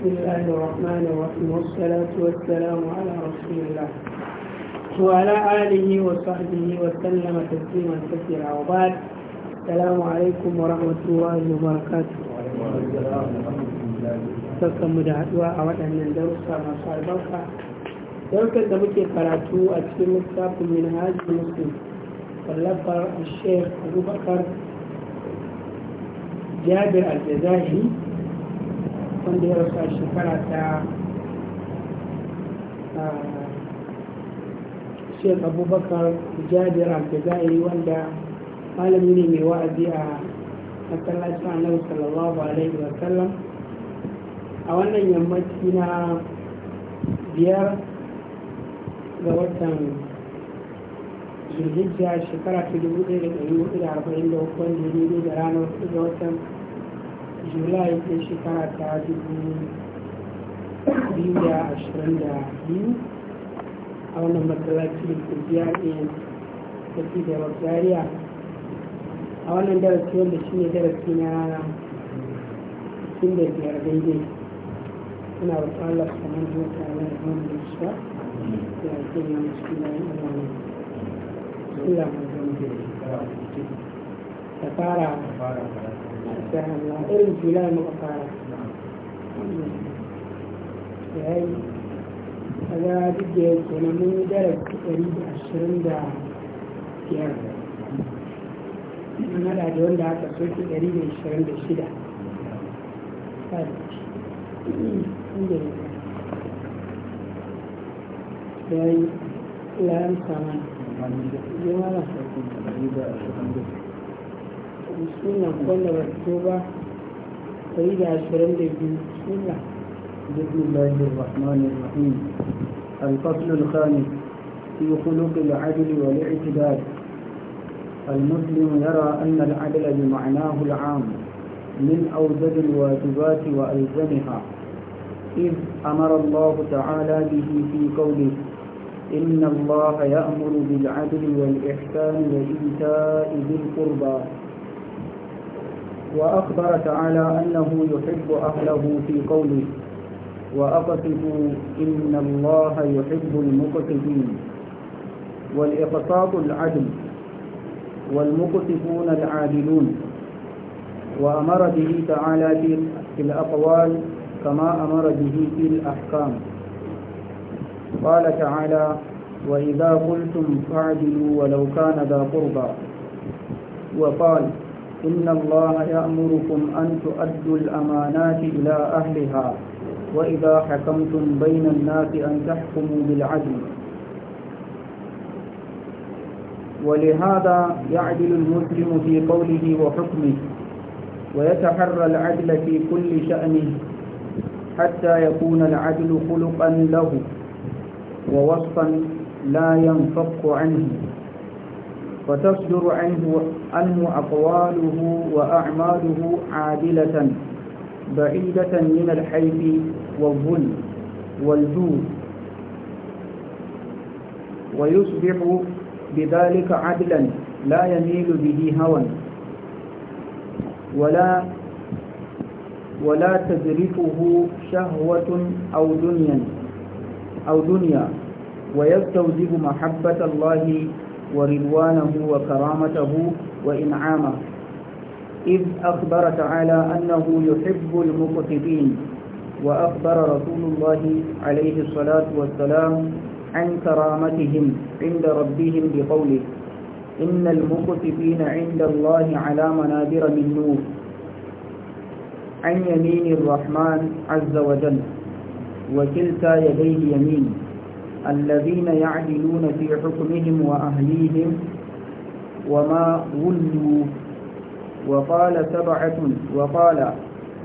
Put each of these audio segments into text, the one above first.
بسم الله الرحمن الرحيم والصلاة والسلام على رسول الله وعلى آله وصحبه وسلم تسليما كثيرا وبعد السلام عليكم ورحمة الله وبركاته Sassan mu da haɗuwa a waɗannan darussa masu albarka. Darussar da muke karatu a cikin littafin min haji muslim, wallafar Sheikh Abubakar Jabir Al-Jazahiri wanda ya rasu a shekara ta sheik abubakar jabir al-jazairi wanda malami ne mai wa'azi a masallacin annabi sallallahu alaihi wa sallam a wannan yammaci na biyar ga watan zulhijja shekara ta dubu ɗaya da ɗari hudu da arba'in da uku wanda ya da ranar hudu ga watan julai ɗin shekara ta dubu da ashirin da biyu a wannan matsalaci da kurbiya ɗin da ke da wakariya a wannan darasi wanda shi ne darasi na cikin da biyar daidai suna roƙon Allah su kamar zuwa a nan da da shi ba da ake yi na cikin layin alamu Allah mai zama da fara irin fila muka fara yayi kaga yi darasi ɗari da ashirin da biyar an haɗa da wanda aka soke ɗari da ashirin suna كل مكتوبة سيدة عشرين لبن da بسم الله الرحمن الرحيم الفصل الخامس في خلق العدل والاعتدال المسلم يرى أن العدل بمعناه العام من أوجب الواجبات وألزمها إذ أمر الله تعالى به في قوله إن الله يأمر بالعدل والإحسان وإيتاء ذي القربى وأخبر تعالى أنه يحب أهله في قوله وأقسطوا إن الله يحب المقصفين والإقساط العدل والمقصفون العادلون وأمر به تعالى في الأقوال كما أمر به في الأحكام قال تعالى وإذا قلتم فاعدلوا ولو كان ذا قربى وقال إن الله يأمركم أن تؤدوا الأمانات إلى أهلها وإذا حكمتم بين الناس أن تحكموا بالعدل ولهذا يعدل المسلم في قوله وحكمه ويتحرى العدل في كل شأنه حتى يكون العدل خلقا له ووصفا لا ينفق عنه فتصدر عنه, عنه أقواله وأعماله عادلة بعيدة من الحيف والظلم والجود ويصبح بذلك عدلا لا يميل به هوى ولا ولا تدركه شهوة أو دنيا أو دنيا ويستوجب محبة الله ورضوانه وكرامته وإنعامه إذ أخبر تعالى أنه يحب المقتدين وأخبر رسول الله عليه الصلاة والسلام عن كرامتهم عند ربهم بقوله إن المقتدين عند الله على منابر من نور عن يمين الرحمن عز وجل وكلتا يديه يمين الذين يعدلون في حكمهم وأهليهم وما ولوا وقال سبعة وقال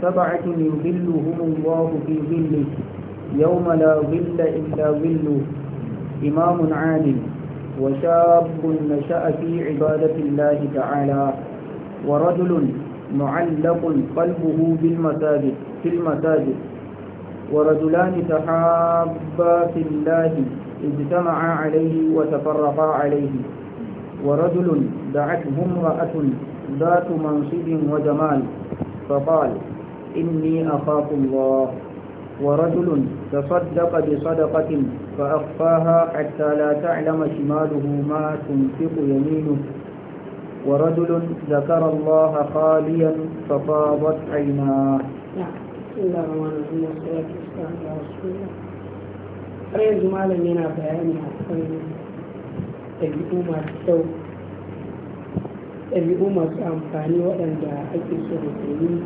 سبعة يظلهم الله في ظله يوم لا ظل إلا ظله إمام عادل وشاب نشأ في عبادة الله تعالى ورجل معلق قلبه بالمساجد في المساجد ورجلان تحابا في الله اجتمعا عليه وتفرقا عليه ورجل دعته امرأة ذات منصب وجمال فقال إني أخاف الله ورجل تصدق بصدقة فأخفاها حتى لا تعلم شماله ما تنفق يمينه ورجل ذكر الله خاليا ففاضت عيناه بسم الله الرحمن الرحيم والصلاة والسلام har yanzu malam yana bayani a kan ɗabi'u masu kyau ɗabi'u masu amfani waɗanda ake so da domin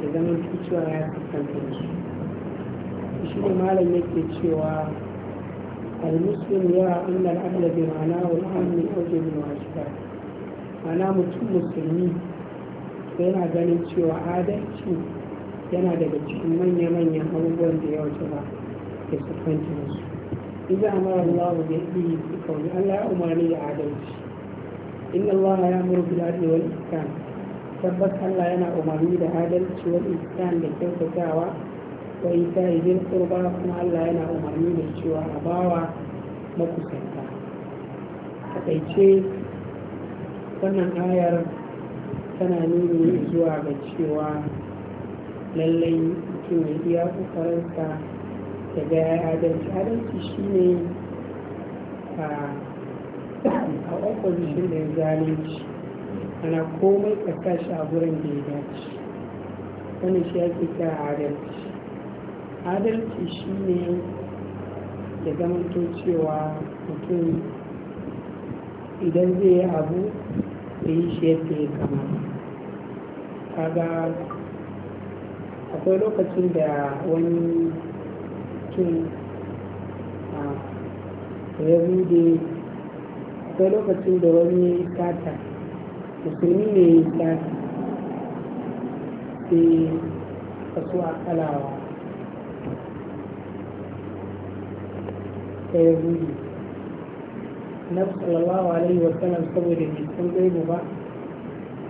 da zaman cewa ya kasance su shi ne malam yake cewa ya المسلم يرى أن العدل بمعناه الأمن masu الواجبات معناه mutum musulmi yana ganin cewa adalci yana daga cikin manya manya abubuwan da ya wace ba da siffanta da su iza amara Allah da yi kawai Allah ya umarni da adalci inna Allah ya muru bil adli wal ihsan tabbas Allah yana umarni da adalci wal ihsan da kyautatawa wa ita'i bil qurba kuma Allah yana umarni da cewa a bawa makusanta takaice wannan ayar tana nuni zuwa ga cewa lallai mutum ya iya kokarinsa ya ga ya adalci adalci shi ne a opposition da zalunci ana komai ka a gurin da ya dace wani shi ake kira adalci adalci shi ne ya to cewa mutum idan zai yi abu da yi shi yadda ya kamata kaga akwai lokacin da wani mutum ya bude akwai lokacin da wani sata musulmi ne ya sata sai kasu a kalawa ta ya bude na sallallahu alaihi wa sallam saboda bai san gaibu ba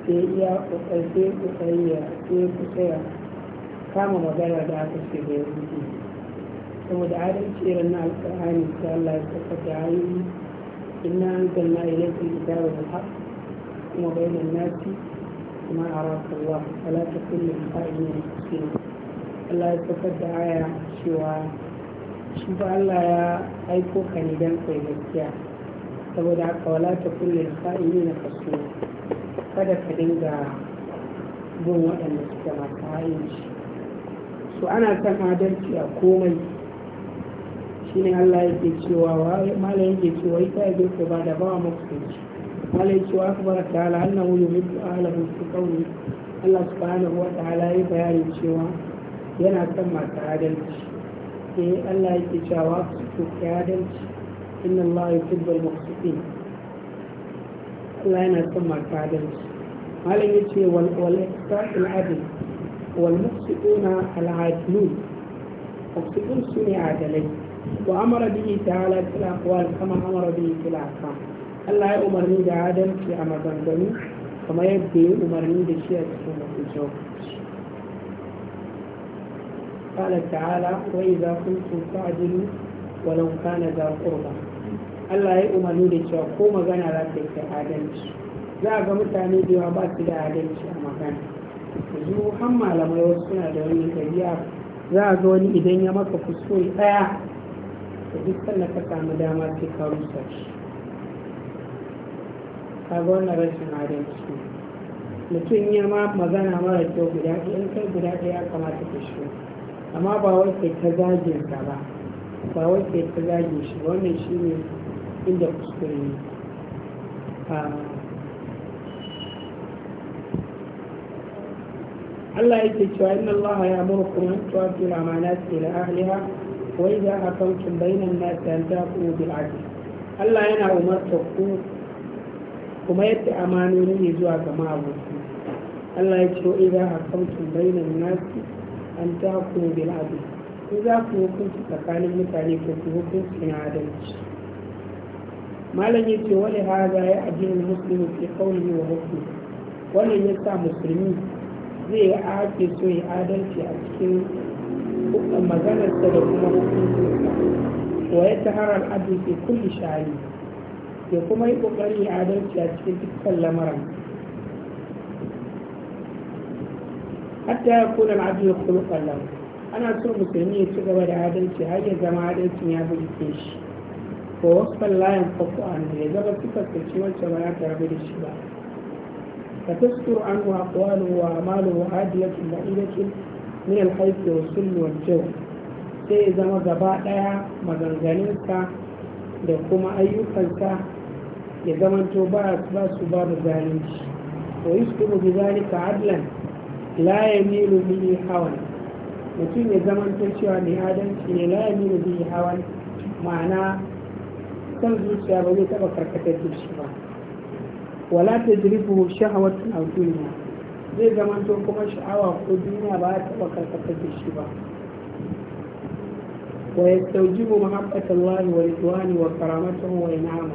sai iya kokarce ya sai kusa kama magana da aka ce da yanzu saboda adalci irin na alƙur'ani da Allah ya tabbata ayoyi inna anzalna ilayka kitaba bil haqq kuma bainan nasi kuma a araka Allah fala takun lil qa'ilin muslimin Allah ya tabbata aya cewa shi ba Allah ya aiko ka ne dan kai gaskiya saboda haka wala takun lil qa'ilin fasuna kada ka dinga bin waɗanda suka masu ha'inci so ana son adalci a komai shine Allah ya ke cewa ya ke cewa ita ya girka ba da ba makusanci malam yake cewa akbar ta'ala annahu yumitu ahlahu su kauni Allah su subhanahu wa ta'ala ya bayani cewa yana son masu adalci sai eh, Allah ya yake cewa su ka adalci inna Allah yuhibbu al-muqsitin Allah yana son masu adalci malam yace ce wal ihsan al-adl والمفسدون العادلون مفسدون سنة عادلين وأمر به تعالى في الأقوال كما أمر به في الأحكام Allah ya umarni da adalci a maganganu kamar yadda ya umarni da shi a cikin mafiso. Kala ta'ala wai za ku tsufa ajilu walau kana za kurba. Allah ya umarni da cewa ko magana za ta yi adalci. Za a ga mutane da yawa ba su da adalci a magana. yanzu malamai wasu suna da wani za a ga wani idan ya maka kuskure ɗaya da duk sannan ka samu dama sai ka rusa shi ka ga wannan rashin adalci mutum ya ma magana mara kyau guda ɗaya in kai guda ɗaya kamata ka shi amma ba wai ta zagin ka ba ba wai ta zagin shi wannan shi ne inda kuskure ne ah. Allah yake cewa inna Allah ya murkum an tu'addu al-amanati ila ahliha wa idha hakamtum bayna an-nasi an tahkumu bil adl Allah yana umarta ku kuma yadda amanoni ne zuwa ga ma'abuci Allah ya ce idza hakamtum bayna an-nasi an tahkumu bil adl in za ku hukunci tsakanin mutane ko ku hukunci na adalci malam yace wani hada ya addinin muslimi fi qawlihi wa Wani ya sa musulmi zai ake so ya adalci a cikin maganarsa da kuma hukuncinsa wa ya taharar abin fi kulli shari ya kuma yi ya adalci a cikin dukkan lamarin hatta ya kuna al'adun kulukan lam ana so musulmi ya ci gaba da adalci har ya zama adalcin ya burge shi ko wasu layin faku an ya zama suka tsaci wacce ba ya rabu da shi ba فتستر عنه أقواله وأعماله عادية بعيدة من الحيث والسن والجو sai ya zama gaba ɗaya maganganunsa da kuma ayyukansa ya zamanto ba su babu zalunci wa yusbihu bi zalika adlan la yamilu bihi hawan mutum ya zamanto cewa mai adalci ne la yamilu bihi hawan ma'ana kan zuciya ba zai taɓa karkatar da shi ba wala ta jirifu shahawatun a duniya zai zamanto kuma sha'awa ko duniya ba ta taɓa karkatar da shi ba wa ya mu mahabbatar wani wa rituwani wa karamatan wa inama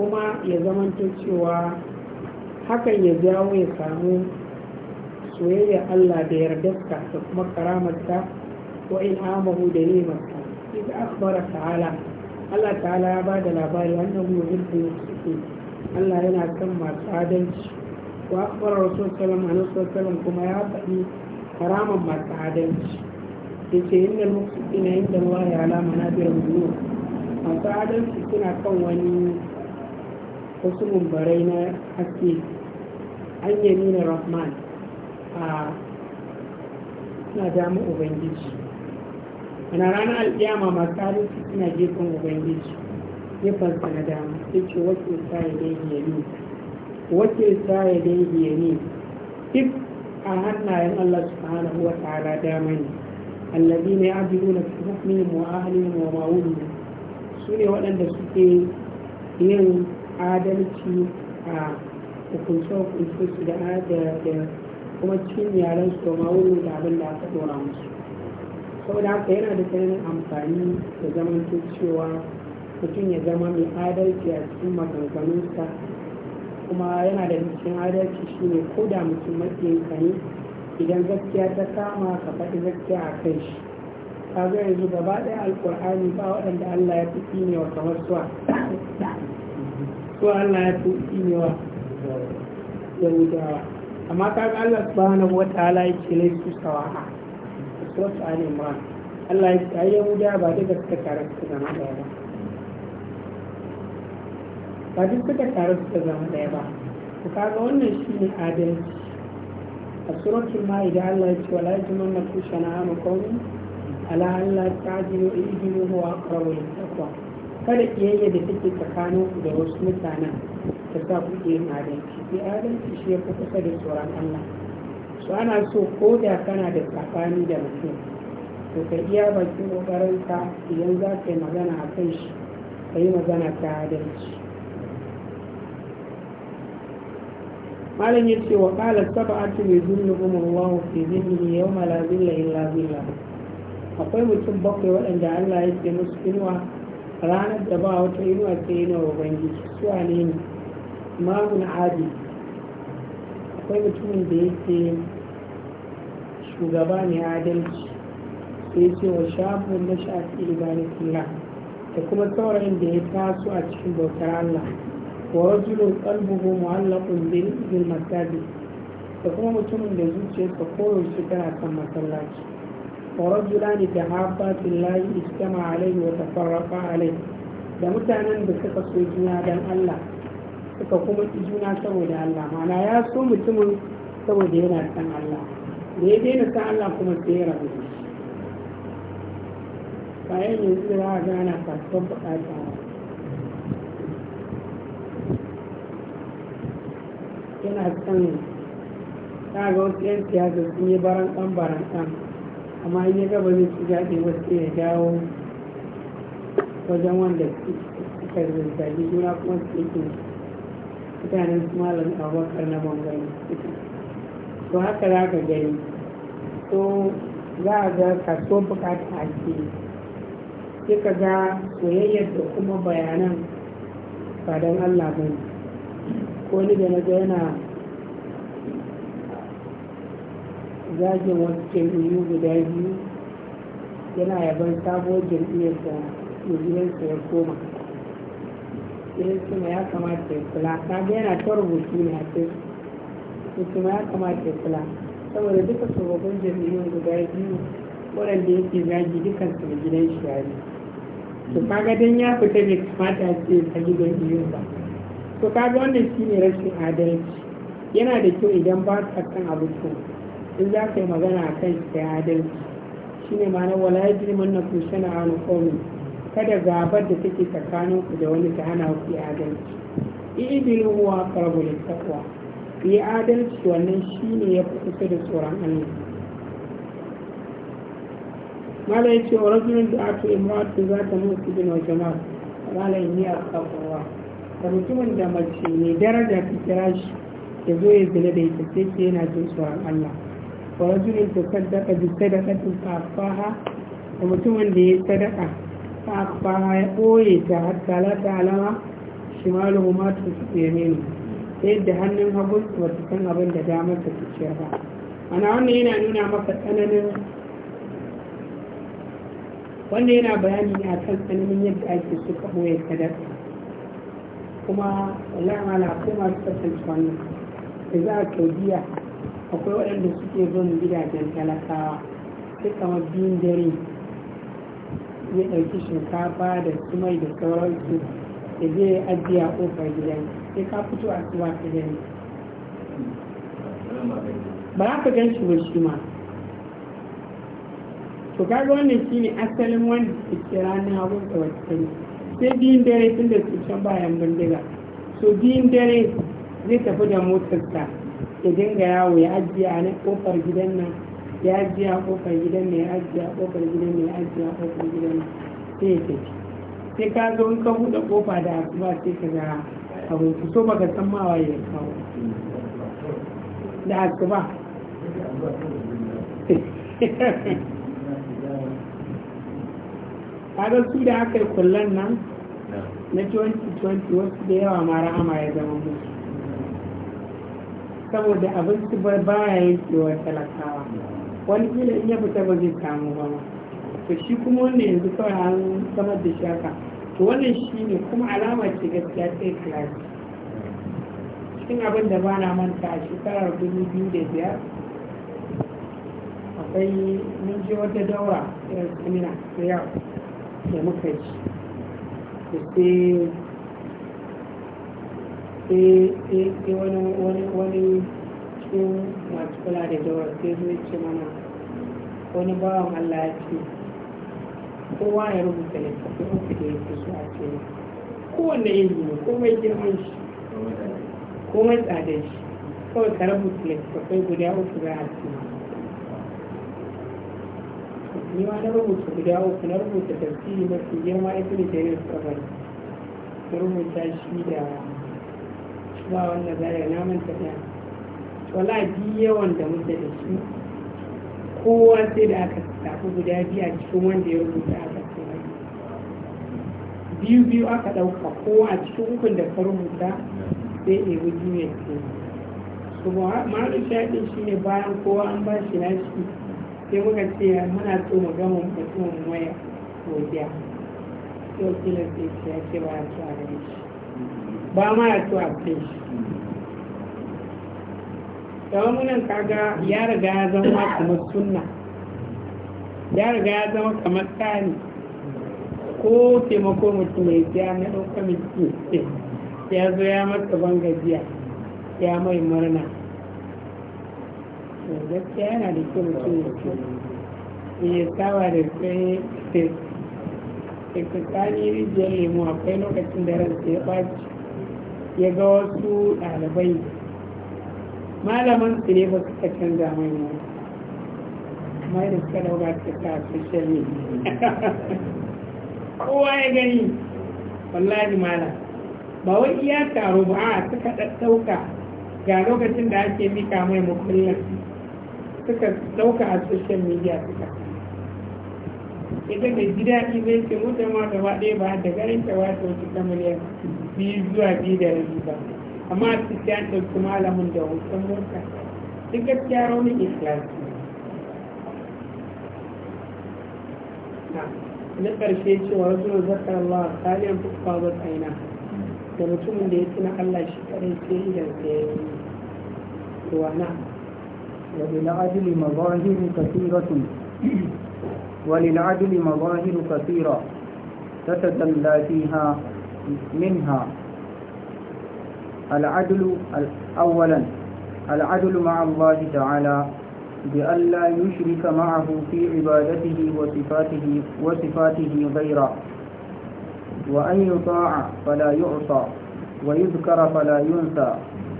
kuma ya zamanto cewa hakan ya jawo ya samu soyayya Allah da ka da kuma karamarta wa in'amahu da nimarka ta'ala Allah ta'ala ya ba da labari أنه يحب yi Allah yana kan masu adalci wa akbar rasul sallam nasu wasallam kuma ya faɗi haramun masu adalci yace inna al yin inda Allah ya alama na biyar biyu masu adalci suna kan wani wasu mumbarai na haske an yi nuna rahman a suna damu ubangiji ana ranar alƙiyama masu adalci suna gefen ubangiji ya na da ce wace sa ya daihi ne wace sa ya daihi ya ne duk a hannayen Allah subhanahu wa ta'ala dama ne allazi ne abidu na fi mu wa ahlihim wa ma'udu su ne waɗanda suke yin adalci a hukunce-hukunce su da kuma cikin yaran su da ma'udu da abin da aka ɗora musu saboda haka yana da tsananin amfani da zaman cewa mutum ya zama mai adalci a cikin maganganunsa kuma yana da cikin adalci shine ko da mutum matsayinka ne idan gaskiya ta kama ka faɗi gaskiya a kai shi zo yanzu gaba ɗaya alkur'ani ba waɗanda allah ya fi tsinewa kamar suwa suwa allah ya fi tsinewa yahudawa amma ga allah subhanahu wa ta'ala ya ce laifi sawa'a suratul ali imran allah ya ce ai yahudawa ba duka suka karanta zama ɗaya ba ba duk suka su suka zama ɗaya ba ku kaga wannan shi ne adalci a ma idan Allah ya ce wala yajman na kusha na ama qawmi ala Allah ta'dilu ihdilu huwa aqrabu kada kiyayya da take tsakanin ku da wasu mutanen ta sa ku yin adalci sai adalci shi ya fi kusa da tsoron Allah Su ana so ko da kana da tsakani da mutum to ka iya bakin ka idan za ka yi magana a kan shi ka yi magana ta adalci malam ya ce wa kala sab'atu bi dhillihum Allahu fi dhillihi yawma la illa zilla akwai mutum bakwai waɗanda Allah ya ce musu inuwa ranar da ba wata inuwa sai inuwa ubangiji su ne ne imamun adi akwai mutumin da yake shugaba ne adalci sai ce wa a na ibanin kula. da kuma saurayin da ya taso a cikin bautar Allah ورجل قلبه معلق بالمساجد da kuma mutumin da zuciyarsa koyaushe tana kan masallaci wa rajulani da habbatin layi istama alaihi wa tafarraqa alaihi da mutanen da suka so juna dan Allah suka kuma juna saboda Allah mana ya so mutumin saboda yana san Allah da ya daina san Allah kuma sai ya rabu bayan yanzu za a gana kasuwar bukata suna son ta ga wasu 'yan siyasa sun yi barankan barankan amma in ya gaba zai ci daɗi wasu ya jawo wajen wanda suka zirgagi juna kuma su yake mutanen su malam abubakar na bangare to haka za ka gani to za a ga kaso bukata a ke sai ka ga soyayyar da kuma bayanan ba don allah ba ne wani da na yana zagin wasu jam'iyyu guda biyu yana yaban sabuwar jam'iyyar da jam'iyyarsa ya koma irin suna ya kamata ya kula na ga yana ta rubutu ne a cikin suna ya kamata ya kula saboda duka sababbin jam'iyyun guda biyu waɗanda yake zagi dukan su da gidan shi yi. to kaga dan ya fita bai kamata a ce ta gidan biyun ba to kaga wannan shine rashin adalci yana da kyau idan ba ka kan abu ko in za ka yi magana a kan shi adalci shine ma'ana wala kusa na shana'anu qawmin kada gabar da take tsakanin ku da wani ta hana ku adalci ibilu huwa da takwa yi adalci wannan shine ya fi kusa da tsoron Allah mala ce wa rajulun da'atu imra'atu zata mutu bin wa jama'a yi a aqrabu da mutumin da mace mai daraja ta kira shi ya zo ya zina da ita sai ce yana jin tsoron Allah wa rajulin to saddaka bi sadaqatin fafaha da mutumin da ya sadaka fafaha ya ɓoye ta hatta la alama shi ma ta su ne ta yadda hannun hagun ba su san abin da damar ta su ciyar ba ana wannan yana nuna maka tsananin wanda yana bayani a kan tsananin yadda ake suka ɓoye sadaka kuma wallahi na kai masu tattalin wannan da za a taudiya akwai waɗanda suke bin gidajen talakawa sai kamar biyun dare ya ɗauki shinkafa da sumai da sauransu da zai ajiye a ƙofar gidan sai ka fito a suwa ka gani ba za ka gan ba shi ma to kaga wannan shine asalin wanda ke kira na da wata sai biyun dare tun da su can bayan bindiga so biyun dare zai tafi da motarsa ya dinga yawo ya ajiye a na kofar gidan nan ya ajiye a kofar gidan nan ya ajiye a kofar gidan nan ya ajiye a kofar gidan nan sai ya tafi sai ka zo in ka buɗe kofa da asuba sai ka ga abinci so baka san ma ya kawo da asuba kaga su da aka yi kullan nan na 2020 da yawa mara rahama ya zama musu saboda abin su bar baya yin tsewar talakawa wani kila in ya fita ba zai samu ba ma to shi kuma wannan yanzu kawai an samar da shaka to wannan shi ne kuma alama ce gaskiya sai kilasi cikin abin da ba na manta a shekarar dubu biyu da biyar akwai mun je wata daura irin samina da yau da muka ci sai wani cikin masu kula da jawar sai zai ce mana wani bawan Allah ya ce kowa ya rubuta littafi uku da yake so a ce kowanne iri ne komai girman shi komai tsadar shi kawai ka rubuta littafai guda uku a harsuna ni ma na rubuta guda uku na rubuta tafsiri mafi girma ita da jarir tsabari na rubuta shi da ba wanda zaya na manta ɗaya wala bi yawan da muke da shi kowa sai da aka tafi guda biyu a cikin wanda ya rubuta aka ce biyu biyu aka ɗauka kowa a cikin ukun da ka rubuta sai ya wuji ne ce. Kuma ma'aikata shi ne bayan kowa an ba shi na sai muka ce muna so mu gama mutumin waya godiya yau kila sai ce ya ce ba a so a shi ba ma ya so a kai shi tsawon munan kaga ya riga ya zama kamar sunna ya riga ya zama kamar tsari ko taimako mutum mai biya na ɗaukar mutum ya zo ya ban bangajiya ya mai murna gaskiya yana da kyau mutum ya ce ya saba da kai tsakani rijiyar lemu akwai lokacin da ransa ya ɓaci ya ga wasu ɗalibai malaman su ne ba suka canza mai mu amma da suka dauka ta ta social media kowa ya gani wallahi mala ba wai iya taro ba a suka ɗauka ga lokacin da ake mika mai mukullin suka dauka a social media suka idan da gida a zai ce mutum ma gaba ɗaya ba da garin ta wata wata ta miliyan biyu zuwa biyu da rabi ba amma a cikin an ɗauki malamin da hoton mota duk gaskiya raunin ikhlasi na ƙarshe cewa wasu zakar Allah saliyar fuska ba tsaina da mutumin da ya tuna Allah shi kaɗai sai idan sai ya yi na. وللعدل مظاهر كثيرة وللعدل مظاهر كثيرة تتجلى فيها منها العدل أولا العدل مع الله تعالى بألا يشرك معه في عبادته وصفاته وصفاته غيره وأن يطاع فلا يعصى ويذكر فلا ينسى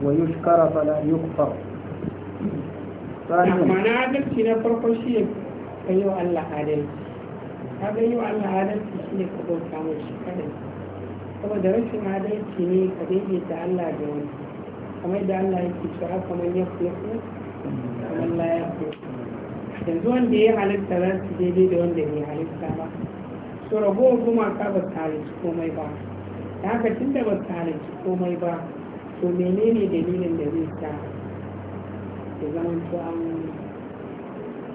ويشكر فلا يكفر amma na adalci na farko shi ne ka yi wa Allah adalci ka ga yi wa Allah adalci shi ne ka bauta mashi kadai saboda rashin adalci ne ka da Allah da wani kamar da Allah yake cewa kamar ya fiye kamar la ya fiye yanzu wanda ya halitta za su daidai da wanda bai halitta ba to ragowar gumaka ba su halitta komai ba da haka tun da ba su halitta komai ba to menene dalilin da zai sa ya zama to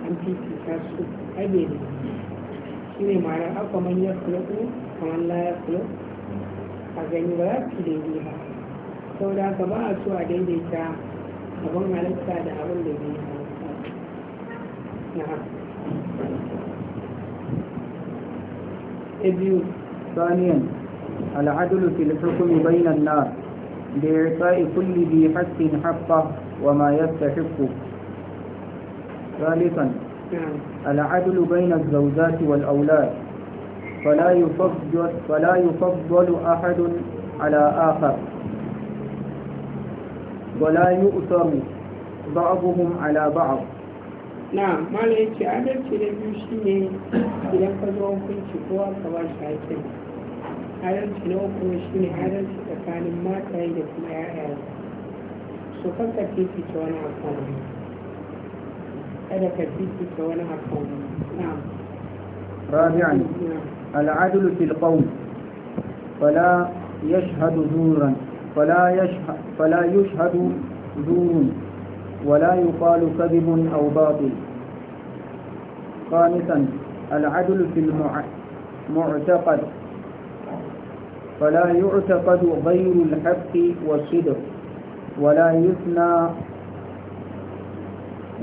an fifita su abe ne shi ne ma'anar akwaman ah, kamar layar ya a gani ba za su daidai ba sau da haka ba a so a daidaita abin halitta da abin da zai halitta na haka biyu ثانيا العدل في الحكم بين الناس بإعطاء كل ذي حق حقه وما يستحق ثالثا العدل بين الزوجات والأولاد فلا يفضل, فلا يفضل أحد على آخر ولا يؤثر بعضهم على بعض na malam yace adalci da biyu shine idan ka zo hukunci kowa ka ba shi haƙƙin adalci na uku shine adalci tsakanin mataye da kuma 'ya'ya to kanka fifita wani akan kada ka fifita wani رابعا نعم. العدل في القول فلا يشهد زورا فلا يشهد, فلا يشهد زور ولا يقال كذب أو باطل خامسا العدل في المعتقد فلا يعتقد غير الحق والصدق ولا يثنى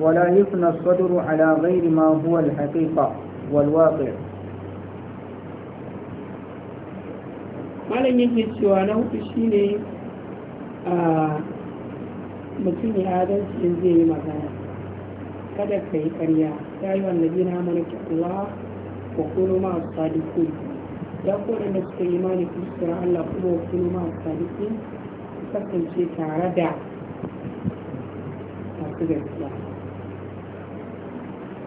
ولا يثنى الصدر على غير ما هو الحقيقة والواقع malam yake cewa na hudu shine a mutum ya adalci in zai yi magana kada ka yi karya ya yi wanda bi na mana kyakkyawa wa kuno ma sadiqun ya kodin da suka yi imani kuskura Allah kuma wa kuno ma sadiqun kasance tare da masu gaskiya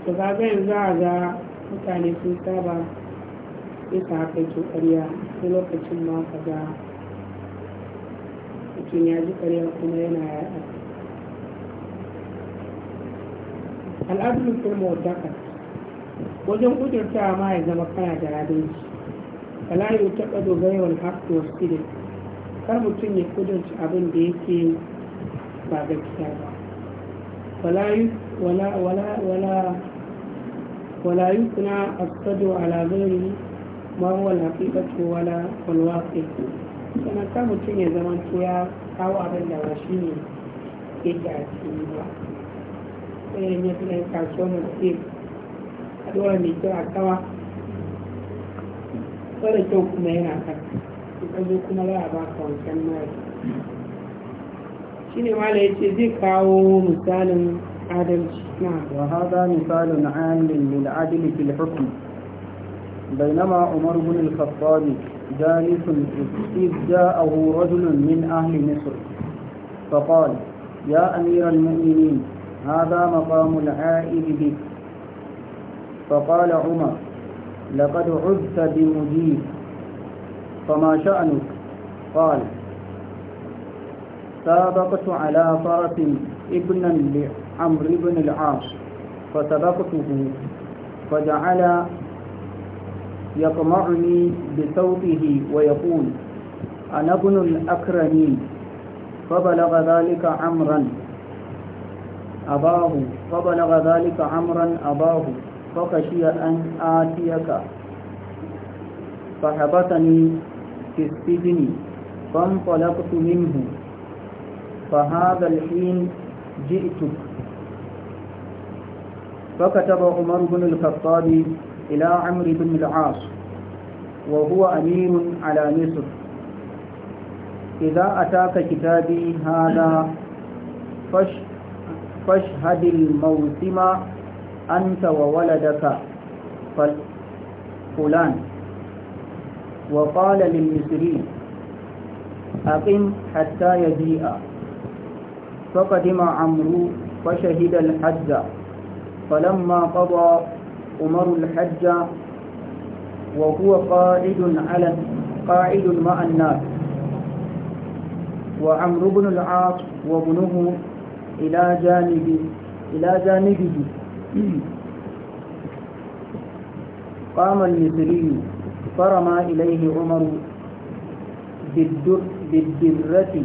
to kaga za a ga mutane sun saba sai ka haka ke ƙarya sai lokacin ma ka ga mutum ya ji ƙarya kuma yana yaɗa al'adun firma wadaka wajen ƙudurta ma ya zama kana da adalci fala yau taɓa dogayewan haƙƙi wasu kar mutum ya kudurci abin da yake ba gaskiya ba wala yi kuna a wala a asadu ala ghairi ma huwa al-haqiqatu wala al-waqi kana ka mutum ya zama to ya kawo abin da ba shi ne yake a cikin ba sai ya fi ɗan na mutum a dora mai kira a kawa da kyau kuma yana kasa shine yace misalin adalci وهذا مثال عام للعدل في الحكم بينما عمر بن الخطاب جالس إذ جاءه رجل من أهل مصر فقال يا أمير المؤمنين هذا مقام العائد بك فقال عمر لقد عدت بمجيب فما شأنك قال سابقت على فرس ابنا لعمرو بن العاص فسبقته فجعل يقمعني بصوته ويقول أنا ابن الأكرمين فبلغ ذلك عمرا أباه فبلغ ذلك عمرا أباه فخشي أن آتيك فحبسني في السجن فانطلقت منه فهذا الحين جئتك فكتب عمر بن الخطاب إلى عمرو بن العاص وهو أمير على مصر إذا أتاك كتابي هذا فش فاشهد الموسم أنت وولدك فلان وقال للمصري أقم حتى يجيء فقدم عمرو فشهد الحج فلما قضى عمر الحج وهو قاعد على قاعد مع الناس وعمرو بن العاص وابنه إلى جانبه إلى جانبه قام المصري فرمى إليه عمر بالدرة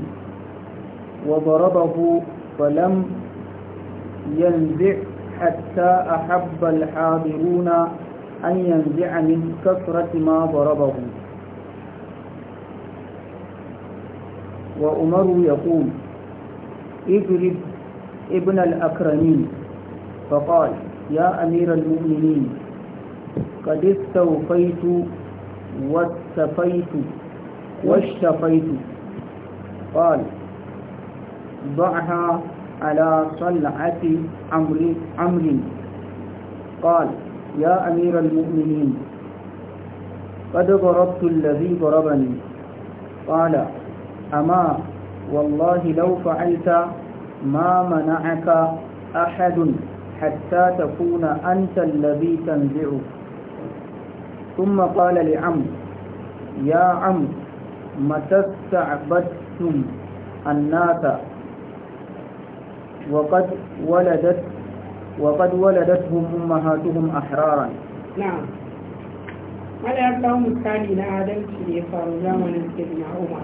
وضربه فلم ينزع حتى أحب الحاضرون أن ينزع من كثرة ما ضربه وعمر يقول اضرب ابن الأكرمين فقال يا أمير المؤمنين قد استوفيت واتفيت واشتفيت قال ضعها على صلعة عمر قال يا أمير المؤمنين قد ضربت الذي ضربني قال أما والله لو فعلت ما منعك أحد حتى تكون أنت الذي تنزعه ثم قال لعم يا عم متى استعبدتم الناس وقد ولدت وقد ولدتهم أمهاتهم أحرارا نعم wani ya kawo misali na adalci da ya faru zamanin sirna umar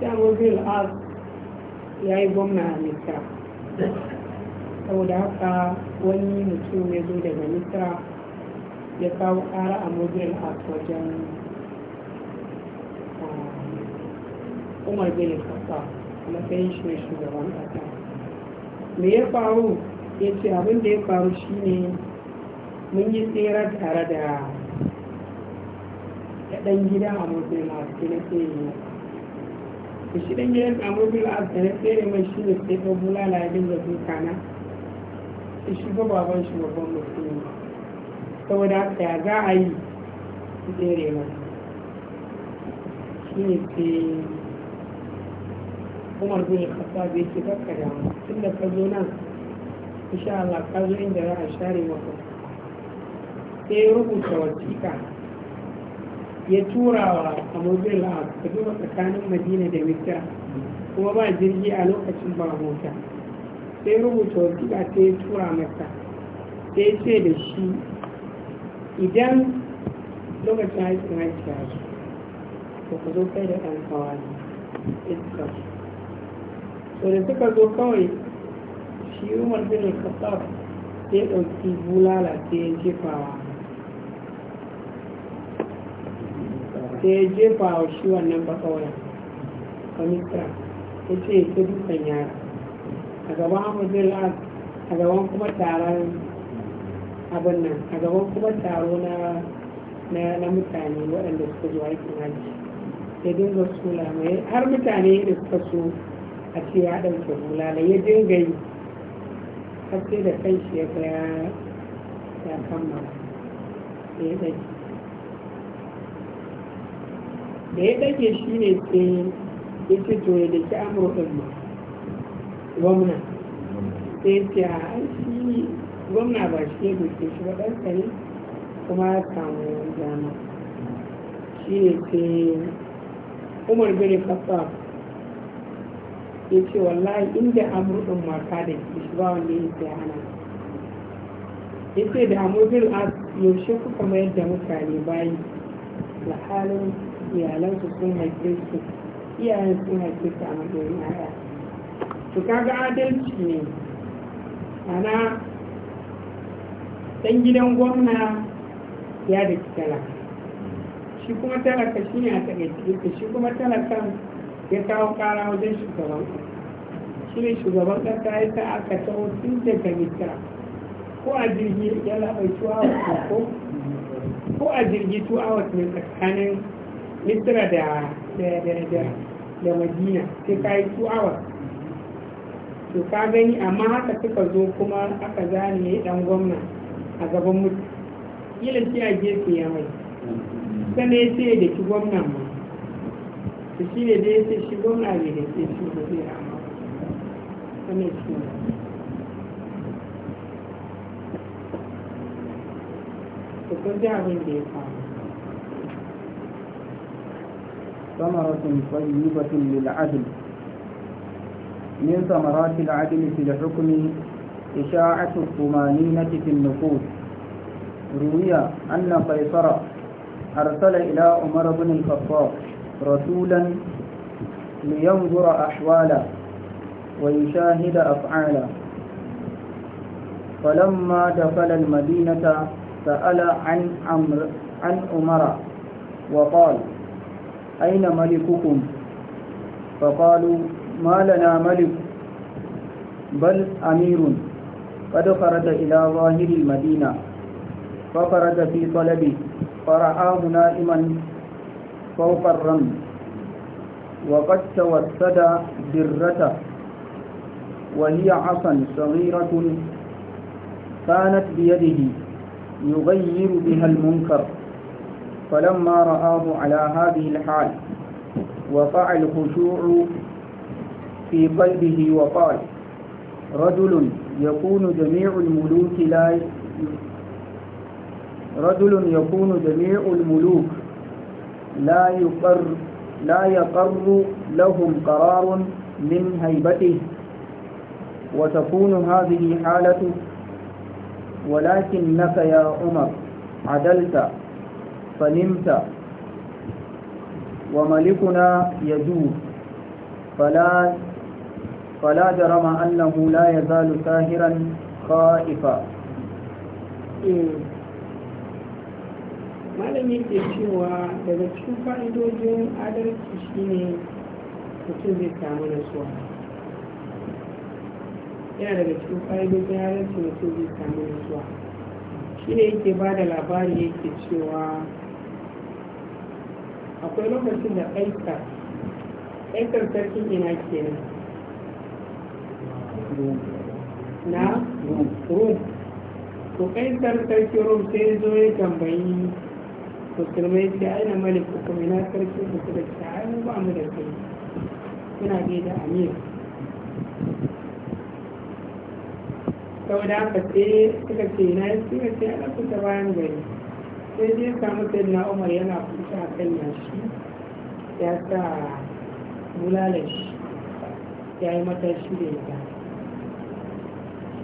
shamobin az ya yi gwamna a misra saboda haka wani mutum ya zo daga misra ya kawo kara a mobile act wajen ah, umar bin a matsayin shi mai shugaban ƙasa me ya faru ya ce abin da ya faru shine mun yi tsira tare da ɗan gida a mobile a na tsere da shi ɗan gidan a mobile act da na tsere mai shi ne sai ta bulala ya dinga duka na shi fa baban shi babban mutum saboda haka ya za a yi su tsere ba? shi ne sai umar bin kasa bai ce kakka da tun da ka zo nan insha Allah ka zo inda za a share maka sai ya rubuta wasiƙa ya tura wa amurbil al'ad ka duba tsakanin madina da Mita kuma ba jirgi a lokacin ba mota sai rubuta wasiƙa sai ya tura masa sai ce da shi idan lokacin haifin haifin ya zo to ku zo kai da ɗan kawai iska to da suka zo kawai shi umar bin al-khattab sai ɗauki bulala sai ya jefawa sai ya jefawa shi wannan bakawai kamista ya ce ya ce dukan yara a gaban amurjil a gaban kuma taron abin nan a gaban kuma taro na na mutane waɗanda suka zo aikin hajji ya dinga sula mai har mutane da suka so a ce ya ɗauke mulala ya dinga yi har sai da kan shi ya ga ya kammala ya ɗage da ya ɗage shi ne sai ya ce to ya daki amurɗin ma gwamna sai ya ce a shi gwamna ba shi ke doke shi waɗansa ne kuma ya samu dama shi ne ce umar gani kasa ya ce wallahi inda amurɗin mata da ke shi ba wanda ya ke hana ya ce da amurɗin a yaushe kuka mayar da mutane bayi lahalin iyalansu sun haife su iyayen sun haife su a matsayin yaya to kaga adalci ne ana dan gidan gwamna ya da talaka hmm. shi kuma talaka shi ne a takaice shi kuma talakan ya kawo kara wajen shugaban shi ne shugaban kasa ya ta aka taho tun daga mitra ko a jirgi ya labai tuwa hours ko ko a jirgi tuwa hours ne tsakanin mitra da da madina sai ka yi two to ka gani amma haka suka zo kuma aka zane dan gwamna a gaban mutu kila sai a gefe ya mai sannan ya ce da ki gwamnan ma to shi ne da ya ce shi gwamna ne da ke shi da zai amma sannan shi ne kun ji abin da ya faru ثمرة طيبة للعدل من ثمرات العدل في الحكم إشاعة الطمانينة في النفوس روي أن قيصر أرسل إلى عمر بن الخطاب رسولا لينظر أحواله ويشاهد أفعاله فلما دخل المدينة سأل عن عمر عن عمر وقال أين ملككم فقالوا ما لنا ملك بل أمير قد خرج إلى ظاهر المدينة فخرج في طلبه فرآه نائما فوق الرمل وقد توسد درته وهي عصا صغيرة كانت بيده يغير بها المنكر فلما رآه على هذه الحال وقع الخشوع في قلبه وقال رجل يكون جميع الملوك لا رجل يكون جميع الملوك لا يقر لا يقر لهم قرار من هيبته وتكون هذه حالته ولكنك يا عمر عدلت فنمت وملكنا يجوز فلا فلا جرم أنه لا يزال ساهرا خائفا malam yake cewa daga cikin fa'idojin adalci shine mutum zai samu nasuwa yana daga cikin fa'idojin adalci mutum zai samu nasuwa shi ne yake ba da labari yake cewa akwai lokacin da aikar aikar sarkin ina kenan na rum to kaisar sarki rum sai ya tambayi musulmai ce aina malik kuma na sarki da su da ta ba mu da kai suna bai da amir saboda haka sai na yi suka ce ana bayan gari sai je samu sai na umar yana kusa a kan yashi ya sa bulalar ya yi matashi da ita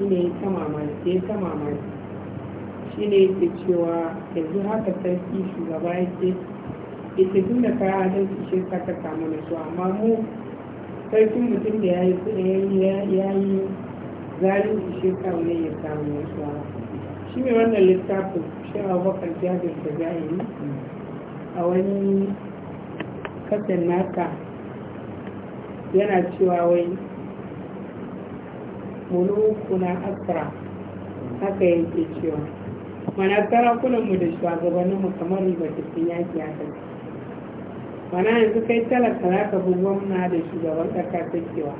shi ne ta mamaki ta mamaki shi ne yake cewa yanzu haka sarki shugaba yake ita tun da ka adalci shi ta ka samu na su amma mu sarkin mutum da ya yi ya yi su shi ta wani ya samu na su shi ne wannan littafin shi abubakar jabir da yi a wani kasan naka yana cewa wai kuna asra haka yake cewa mana kuna mu da shugabannin mu kamar ribatattun yaki a kai mana yanzu kai talaka za ka bi gwamna da shugaban ƙasa ta cewa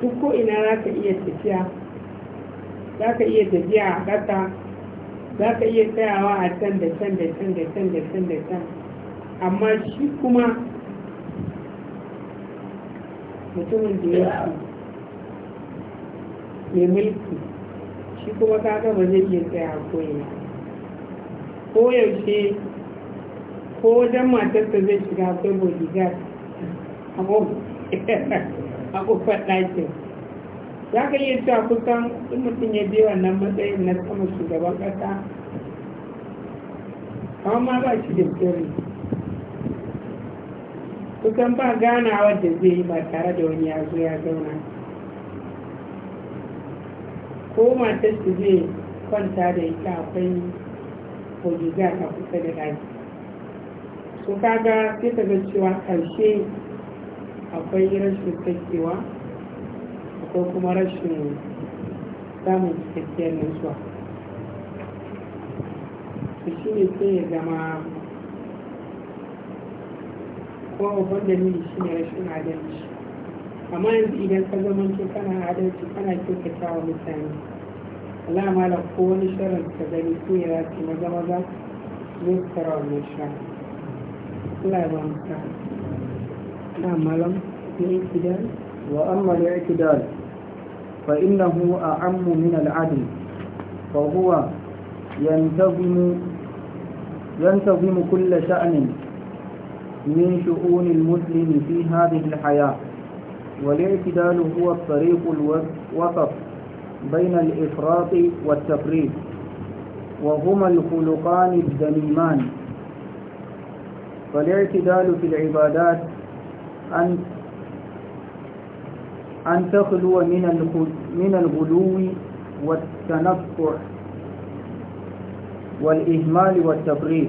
duk ko ina za ka iya tafiya za ka iya tafiya a ƙasa za ka iya tsayawa a can da can da can da can da can da can amma shi kuma mutumin da ya mai mulki shi kuma kaga ba zai iya tsaya koyi ko yaushe ko wajen matarsa zai shiga akwai bodyguard a kofar ɗakin za ka cewa kusan in mutum ya matsayin na sama shugaban ƙasa kawai ma ba da tsiri kusan ba ganawar da zai yi ba tare da wani ya ya zauna ko matar su zai kwanta da ita akwai kogiga a kusa da ɗaki so kaga sai ka ga cewa ƙarshe akwai rashin sakewa akwai kuma rashin samun cikakkiyar nutsuwa su shi ne sai ya zama kuma babban dalili shi ne rashin adalci amma yanzu idan ka zama kana adalci kana kyautata wa mutane Allah mala ko wani sharar ka gani ko ya rafi maza maza zo su tara wannan sha Allah ba mu na malam ne kidan wa amma da ikidal fa innahu a'ammu min al fa huwa yantazimu ينتظم كل شأن من شؤون المسلم في هذه الحياة والاعتدال هو الطريق الوسط بين الإفراط والتفريط وهما الخلقان الذميمان فالاعتدال في العبادات أن أن تخلو من من الغلو والتنفع والإهمال والتفريط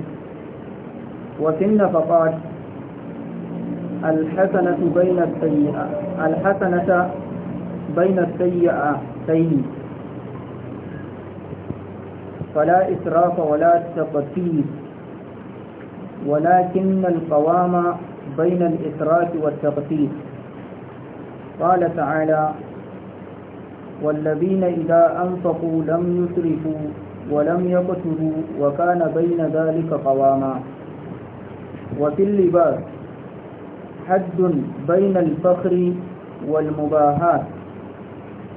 وفي النفقات الحسنة بين السيئة الحسنة بين السيئتين فلا إسراف ولا تقتيل ولكن القوام بين الإسراف والتقتيل قال تعالى والذين إذا أنفقوا لم يسرفوا ولم يقتلوا وكان بين ذلك قواما وفي اللباس حد بين الفخر والمباهات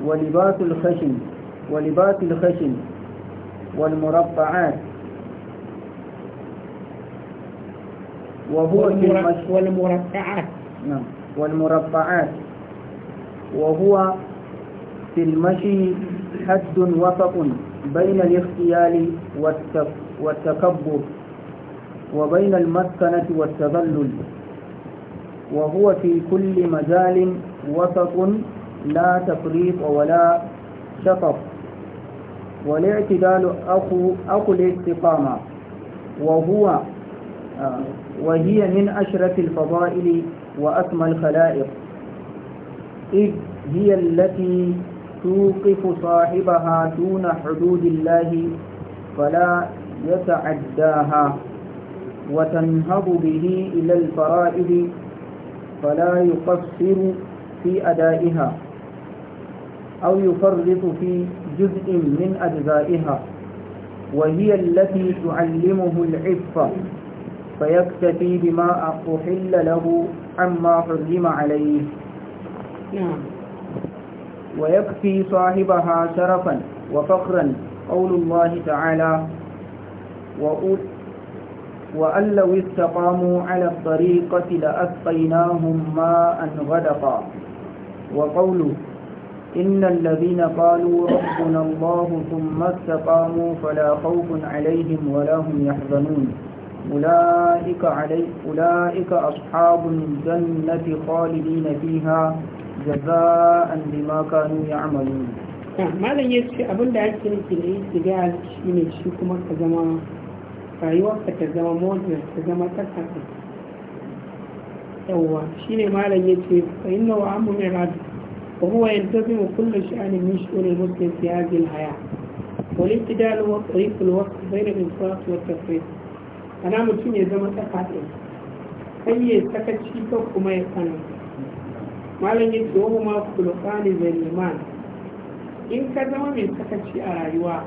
ولباس الخشن ولباس الخشن والمربعات وهو والمربعات نعم والمربعات وهو في المشي حد وسط بين الاختيال والتكبر وبين المسكنة والتذلل وهو في كل مجال وسط لا تفريط ولا شطط والاعتدال أخو, أخو الاستقامة وهو آه، وهي من أشرف الفضائل وأسمى الخلائق إذ هي التي توقف صاحبها دون حدود الله فلا يتعداها وتنهض به إلى الفرائض فلا يقصر في أدائها أو يفرط في جزء من أجزائها وهي التي تعلمه العفة فيكتفي بما أحل له عما حرم عليه نعم ويكفي صاحبها شرفا وفخرا قول الله تعالى وأن لو استقاموا على الطريقة لأسقيناهم ماء غدقا وقوله إن الذين قالوا ربنا الله ثم استقاموا فلا خوف عليهم ولا هم يحزنون أولئك, علي أولئك أصحاب الجنة خالدين فيها جزاء بما كانوا يعملون malam ya ce abin da ake nufi da yi sigari shi ne shi kuma ka zama rayuwarka ta zama modern ta zama kasafin yawwa shi ne malam ya ce fa inna wa amu mai rabi wa huwa yantazimu kullu sha'anin min shu'unil muslim fi hadhihi al-haya wal ibtidal wa tariq al-waqt bayna al-infrat wa at-tafriq ana mutum ya zama kasafin sai ya sakaci ko kuma ya kana malam ya ce wa huma kulqani bil iman in ka zama mai sakaci a rayuwa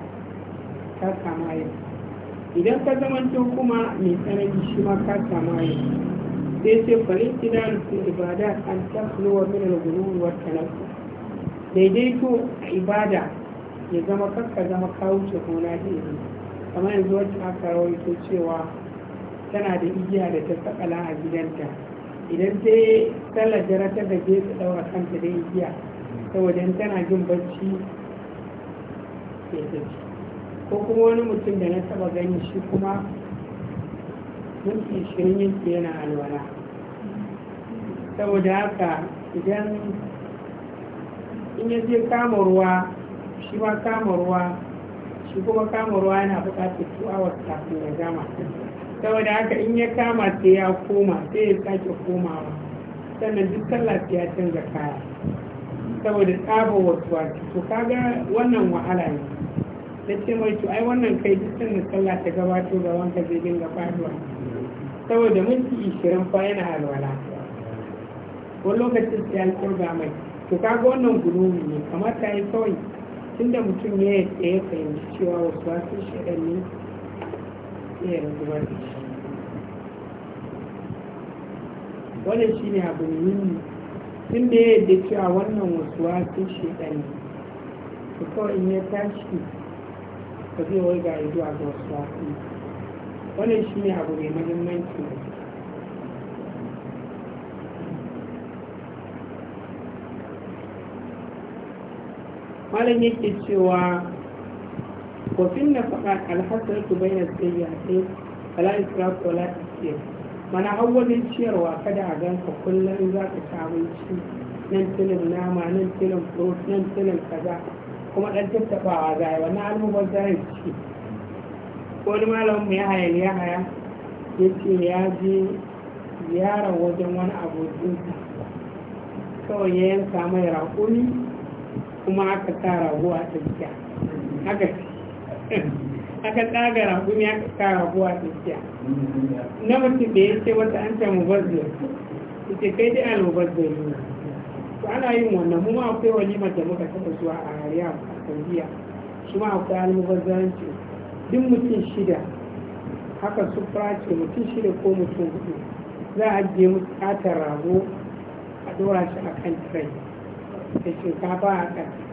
ta kama yau idan ka zamanto kuma mai tsanani shi ma ka sama yi sai ce farin gida ibada an taslowa min al wa daidaito a ibada ya zama kakka zama ka wuce gona da kamar yanzu wacce aka rawaito cewa tana da igiya da ta sakala a gidanta idan ta yi sallar dare ta gaje ta daura kanta da igiya saboda tana jin bacci sai ta ci ko kuma wani mutum da na taba gani shi kuma minti shirin yin yana alwala saboda haka idan in ya je kama ruwa shi ma kama ruwa shi kuma kama ruwa yana buƙatar two hours tafi da gama saboda haka in ya kama sai ya koma sai ya sake komawa sannan duk lafiya ya canza kaya saboda tsabar wasu wasu to kaga wannan wahala ne na ce mai to ai wannan kai dukkan da sallah ta gabato ga wanka zai dinga faduwa saboda minti ishirin fa yana alwala wani lokacin sai an kurga mai to kaga wannan gurumi ne kamar ta yi kawai tunda mutum ya ya fahimci cewa wasu wasu shaɗan ne iya rabuwar da shi ne shi ne abu muhimmi tun da ya yadda cewa wannan wasu wasu shaɗan ne to kawai in ya tashi ba zai wai ga zuwa ga wasu wasu wannan shi ne abu mai mahimmanci malam yake cewa kofin na faɗa alhassar ku bai na tsaye a tsaye ala israfu wala isiyar mana awwalin ciyarwa kada a ganka kullum za ka ci abinci nan tilin nama nan tilin furut nan tilin kaza kuma dan tattafawa za a yi wannan almubar zai ciki ko wani malamin mai haya ne ya haya ya ce ya je ziyarar wajen wani abokinsa kawai ya yanka mai raƙumi kuma aka sa rago a tsakiya haka aka tsaga raƙumi aka sa rago a tsakiya na mutum da ya ce wata an ta mubazzir ita kai dai almubazzir yi to ana yin wannan mu ma akwai walimar da muka taɓa zuwa a riyam a tambiya shi ma akwai almubazzaranci duk mutum shida haka su ce mutum shida ko mutum hudu za a ajiye musu katar rago a dora shi a kan tirai da shinkafa a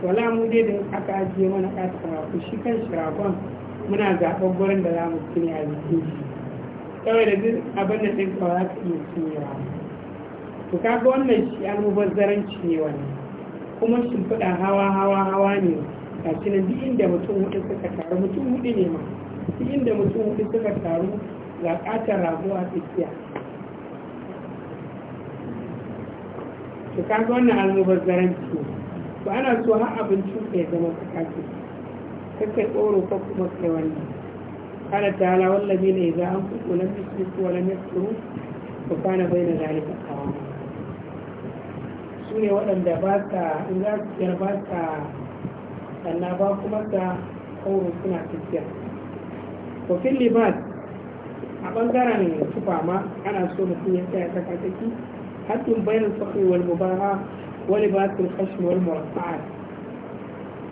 To la mu dai da aka ajiye mana katar rago shi kan shi ragon muna zaɓar gurin da za mu cinye a jikin shi kawai da duk abin da ɗin kawai za ka iya cinye rago to kaga wannan shi almubazzaranci ne wannan kuma shimfiɗa hawa hawa hawa ne a shi duk inda mutum hudu suka taru mutum hudu ne ma duk inda mutum hudu suka taru ga ƙatar rago a tsakiya to kaga wannan almubazzaranci ne to ana so har abincin ka ya zama kakaki kakai tsoro ko kuma kai wannan قال تعالى والذين إذا أنفقوا لم يسرفوا ولم يقتروا وكان بين ذلك قواما su ne waɗanda ba ta in za su ciyar ba ta sannan ba kuma ta kawo suna tafiya to fil libas a ɓangaren tufa ma ana so mutum ya tsaya ta kataki haddin bayan sahi wal wani wa kashi khashm wal murafa'at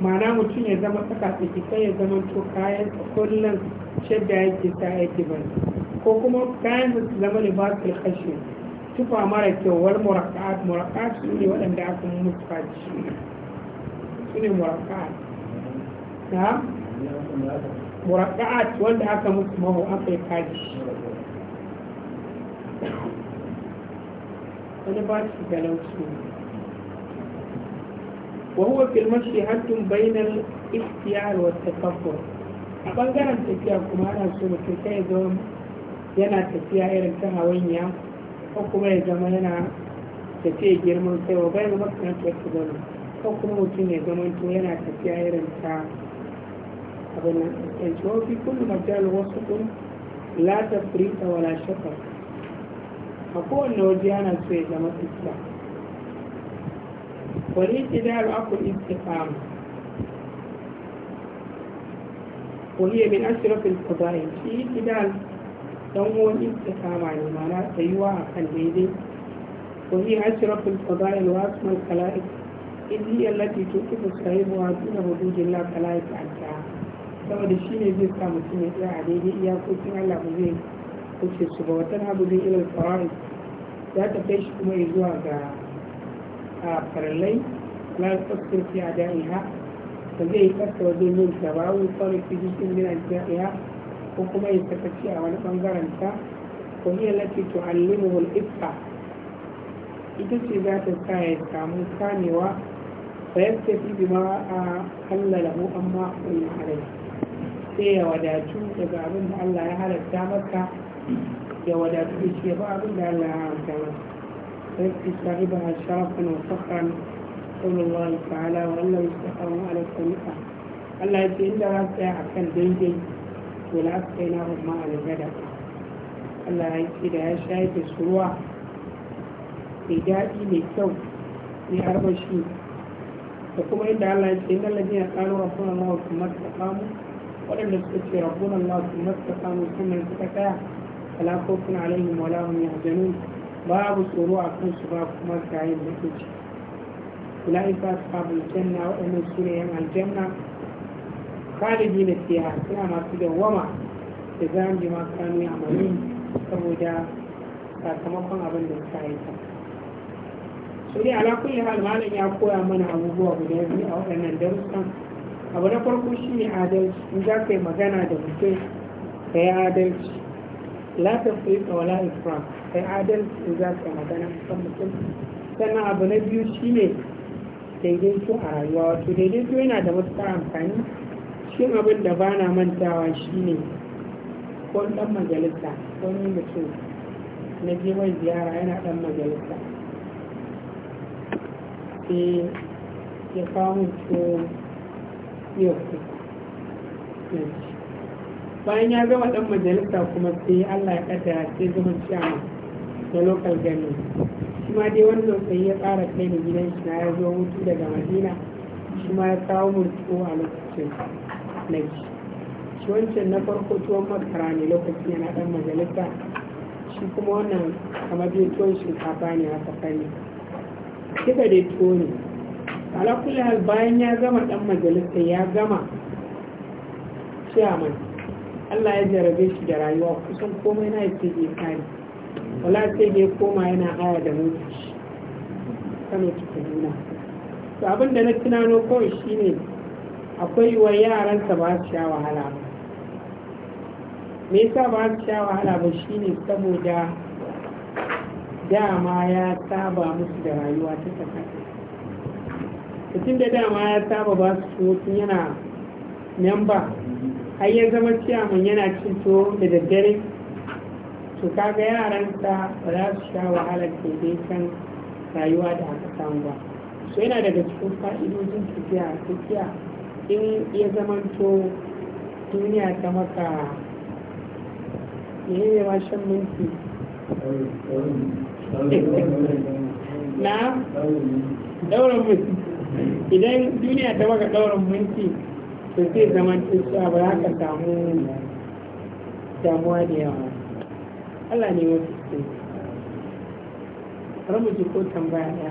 ma'ana mutum ya zama tsaka tsaki sai ya zama to kayan kullum shadda yake ta aiki ba ko kuma kayan su zama libasul kashi. tufa mara kyau wal muraqat muraqat su ne waɗanda aka mutuka shi su ne muraqat na muraqat wanda aka mutu mahu aka yi kaji wani ba shi galauci وهو في المشي حد بين الاختيار والتكبر a ɓangaren tafiya kuma ana so mutum kai zo yana tafiya irin ta hawainiya ko kuma ya zama yana tafiya girman kai wa bayan makon wasu gano ko kuma mutum ya zama to yana tafiya irin ta abin nan ɗan eh, wafi kullu majalu wasu kun la ta firita wala shafa a kowane waje ana so ya zama tafiya wani ƙidar akul istiqama وهي من أشرف القضايا في جدال dan dangon istiqama ne mana tsayuwa a kan daidai wa hi ashraful fadail wa asmal khalaiq illi allati tuqifu sahibuha duna hududillah khalaiq anta saboda shi ne zai sa mutum ya tsaya a daidai iyakokin Allah ba zai wuce su ba wata abu zai ilal fawaid za ta kai shi kuma zuwa ga a farallai la tsakkar fi adaiha ba zai kasa wajen yin tabawu tsarki jikin bin adaiha ko kuma ya sakaci a wani bangaren ta ko hiya lati tu'allimuhu al-ifka ita ce za ta sa ya samu kamewa fa yaktafi bima hallalahu amma kullu alayhi sai ya wadatu daga abin da Allah ya halatta maka ya wadatu da shi ya ba abin da Allah ya halatta maka sai ki sahiba sharafan wa fakhran sallallahu ta'ala wa allahu subhanahu wa ta'ala Allah ya ce inda za ka yi akan daidai ولأسقيناهم ماء الغدق Allah ya ce da ya shayar da su ruwa mai daɗi mai kyau mai armashi da kuma inda Allah ya ce inda lafiya tsaro rabbun Allah su mastakamu waɗanda suka ce rabbun Allah su mastakamu sunan suka tsaya alakofin alaihim wala hum yahzanun babu tsoro a kansu ba kuma kayan ulaika ashabul janna waɗannan su aljanna kalibi na fiha suna masu dawama da za mu ma kanu ya amali saboda sakamakon abin da suka ta. so dai ala kulli hal malam ya koya mana abubuwa guda biyu a waɗannan darussan abu na farko shi ne adalci in za ka yi magana da mutum ka yi adalci la tafriqa wala ifram yi adalci in za ka yi magana kan mutum sannan abu na biyu shi ne daidaito a rayuwa wato daidaito yana da matuƙar amfani shin abin da ba na mantawa shi ne kwan dan majalisa Wani mutum na je ziyara yana dan majalisa sai ya kawo ko yau bayan ya gama dan majalisa kuma sai Allah ya kaddara sai zama ciyama na lokal gani shi ma dai wani sai ya tsara kai da gidan shi na ya zo mutu daga madina shi ma ya kawo mutu a lokacin na ji shi wancan na farko tuwon makara ne lokacin yana dan majalisa shi kuma wannan kamar dai tuwon shinkafa ne haka fari kika dai tuwo ne ala hal bayan ya gama dan majalisa ya gama ciyaman Allah ya jarabe shi da rayuwa kusan komai na yake ke kare wala sai ke koma yana haya da mota shi kano cikin to abin da na tunano kawai shine akwai wa yaransa ba su sha wahala ba me yasa ba su sha wahala ba shine saboda dama ya saba musu da rayuwa ta tsakani mutum da dama ya saba ba su tuwo yana memba har ya zama ciyaman yana cin to da daddare to kaga yaransa ba za su sha wahala wahalar daidaiton rayuwa da aka samu ba so yana daga cikin fa'idojin tafiya tafiya in ya zamanto duniya ta maka ne ma shan minti na dauran minti idan duniya ta maka dauran minti to zai zamanto cewa ba za ka samu damuwa da yawa Allah ne wasu ce. Ramu ji ko tambaya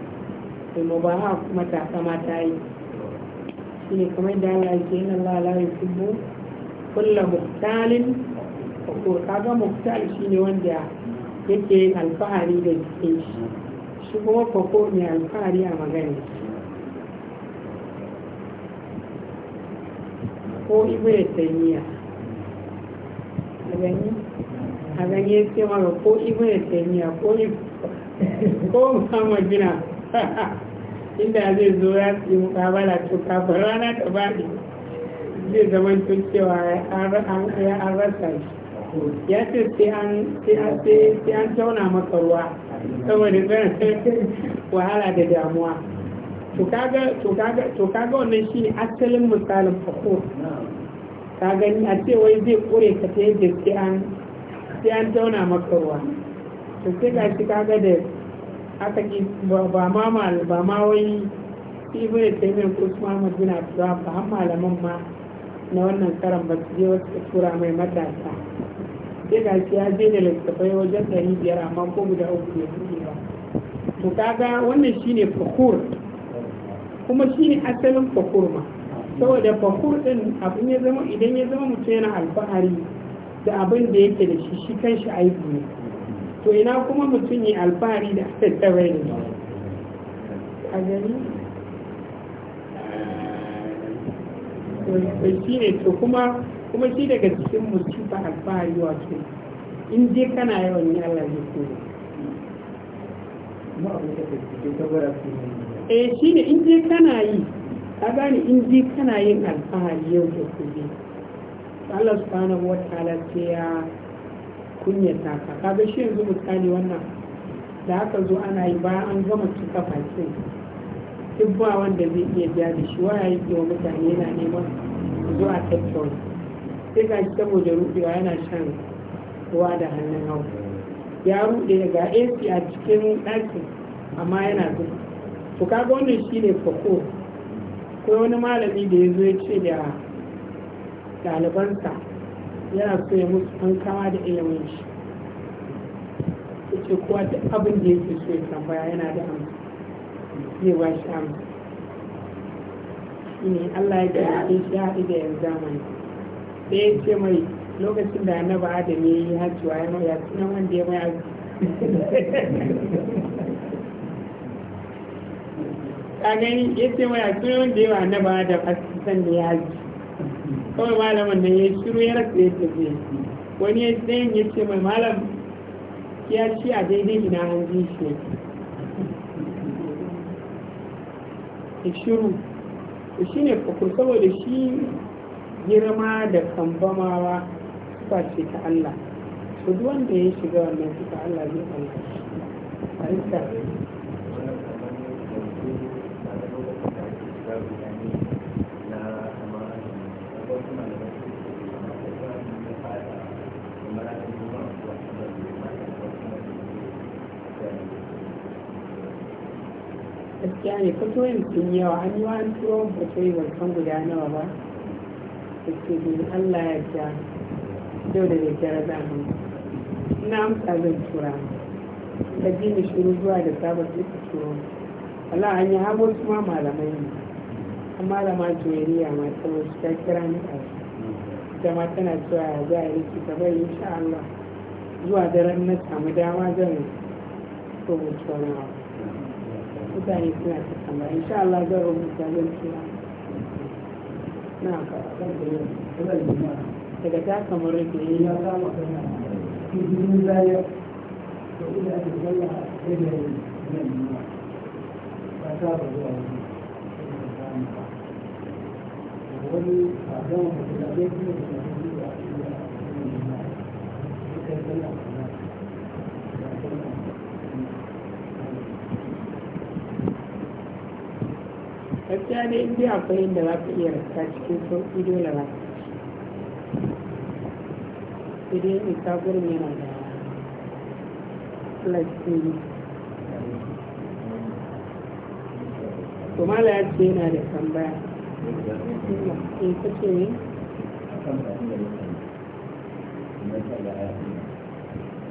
da mubaha matasa mata yi shi ne kuma da Allah yake yin Allah fi bu kullu muktalin ko kaga muktal shi ne wanda yake yin alfahari da jikin shi shi kuma fako mai alfahari a magana ko ibn taymiya a gani a gani ce maka ko ya taymiya ko ko Muhammad gina? inda zai zo ya yi mukabala to kafin rana ta faɗi zai zama tun cewa ya an rasa shi ya ce sai an tauna maka ruwa saboda zai wahala da damuwa to kaga wannan shi ne asalin misalin fako ka gani a ce wai zai kure ka ta yadda sai an tauna maka ruwa to sai ga shi kaga da aka ki ba ma ba ma wai ibn taymiyyah ko su muhammad bin abdullah ba har malaman ma na wannan karan ba su je wasu tura mai matasa sai ga shi ya je da littattafai wajen ɗari biyar amma ko guda uku bai buɗe ba to kaga wannan shine fakur kuma shine asalin fakur ma saboda fakur din abin ya zama idan ya zama mutum yana alfahari da abin da yake da shi shi kanshi aibu ne to ina kuma mutum yi alfahari da tattabai ne a gani to shi ne to kuma kuma shi daga cikin mutum ba alfahari wato in je kana yawan yi Allah zai kore E eh, shi ne in je kana yi a gani in je kana yin alfahari yau da kullum Allah subhanahu wa ta'ala sai ya kunyata ka kaga shi yanzu misali wannan da aka zo ana yi bayan an gama cika fasin duk ba wanda zai iya biya da shi waya yake wa mutane yana neman zuwa tattauna sai ga shi saboda rubewa yana shan ruwa da hannun hau ya rude daga ac a cikin ɗakin amma yana zuba to kaga wannan shi ne fako ko wani malami da ya zo ya ce da ɗalibansa yana so ya mutu an kama da ilimin shi ya ce kuwa da abin da yake so ya tambaya yana da amsa zai ba shi amsa shine Allah ya gargaɗe shi ya haɗu da yanzu zamani sai ya ce mai lokacin da annaba adam ya yi hajjuwa ya mai yasu na wanda ya mai azu a ya ce mai yasu na wanda ya mai annaba adam a san da ya hajji kawai malamin da ya shiru ya rasa ya tafi wani ya tsayin ya ce mai malam ya ci a daidai na an ji shi ya shiru shi ne fakur saboda shi girma da kambamawa suka ce ta Allah su wanda ya shiga wannan suka Allah zai Allah gaskiya ne fatoyin sun yawa an yi wani turo fatoyi ban san guda nawa ba da ke bin allah ya ja dau da jara za mu ina amsa zan tura da jini shuru zuwa da sabon su turo wala an yi hamo su ma malamai ne an malama joyariya masu ta wasu ta kira ni a ita tana zuwa ya za a yi ki gaba insha allah zuwa daren na samu dama zan rubuta wani abu mutane suna ta kama insha Allah zan rubuta zan na ka daga ta kamar da yi ya kama kana cikin zaya to ina da zalla da da nan ba ta ba zuwa wani a zama da zai kuma da zai kuma da da zai kuma da zai kuma da da da da da da da da da gaskiya dai in dai akwai inda za ka iya rasta cikin sauƙi dole ba sai dai isa gurin yana da lasiri to ya ce yana da tambaya in ka ce ne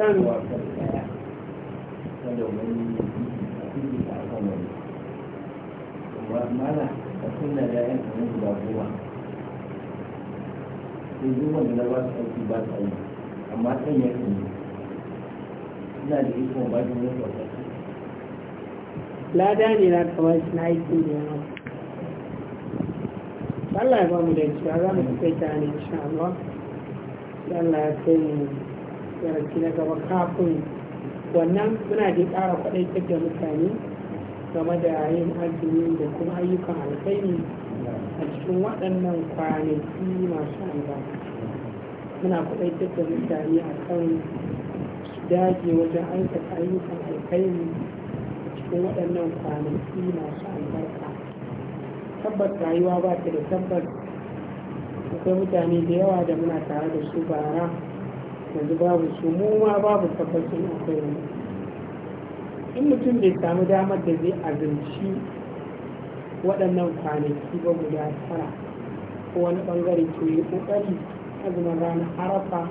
kan ba mana ka kunna da yan kamar guda goma sai zuwan da na ba su aiki ba su aiki amma ɗan ya kan ina da ikon ba su wani kwasa lada ne na kamar shi na aiki da yawa Allah ya ba mu da cewa za mu kai ta ne insha Allah sai Allah ya kai mu yarki na gaba kafin wannan muna da ƙara kwaɗaitar da mutane game da yin azumi da kuma ayyukan alkhairi a cikin waɗannan kwanaki masu albarka muna kuɗaitar da mutane a kan su dage wajen aikata ayyukan alkhairi a cikin waɗannan kwanaki masu albarka tabbas rayuwa ba ta da tabbas akwai mutane da yawa da muna tare da su bara yanzu babu su mu ma babu tabbacin akwai wani in mutum bai samu damar da zai azumci waɗannan kwanaki ba guda tara ko wani ɓangare ke yi ƙoƙari azumin ranar arafa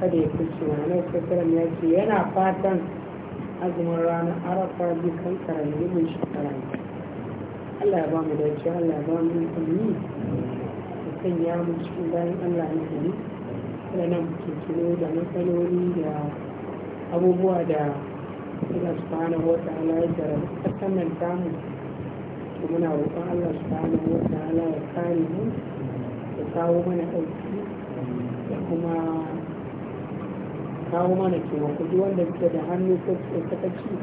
kada ya wa na sassaran ya ce yana fatan azumin ranar arafa zai kan da nufin shekara Allah ya ba mu dace Allah ya ba mu ilimi da sanya mu cikin bayan Allah ya ilimi sannan nan kekiro da matsaloli da abubuwa da Allah subhanahu wa ta'ala ya jarabi ƙasar nan damu muna roƙon Allah subhanahu wa ta'ala ya kare mu ya kawo mana ɗauki da kuma kawo mana taimako kudi wanda suke da hannu ko suke sakaci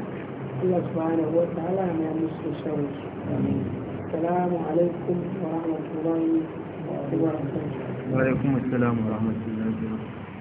Allah subhanahu wa ta'ala ya mai musu shawar su assalamu alaikum wa rahmatullahi wa barakatuh wa alaikum assalam wa rahmatullahi wa barakatuh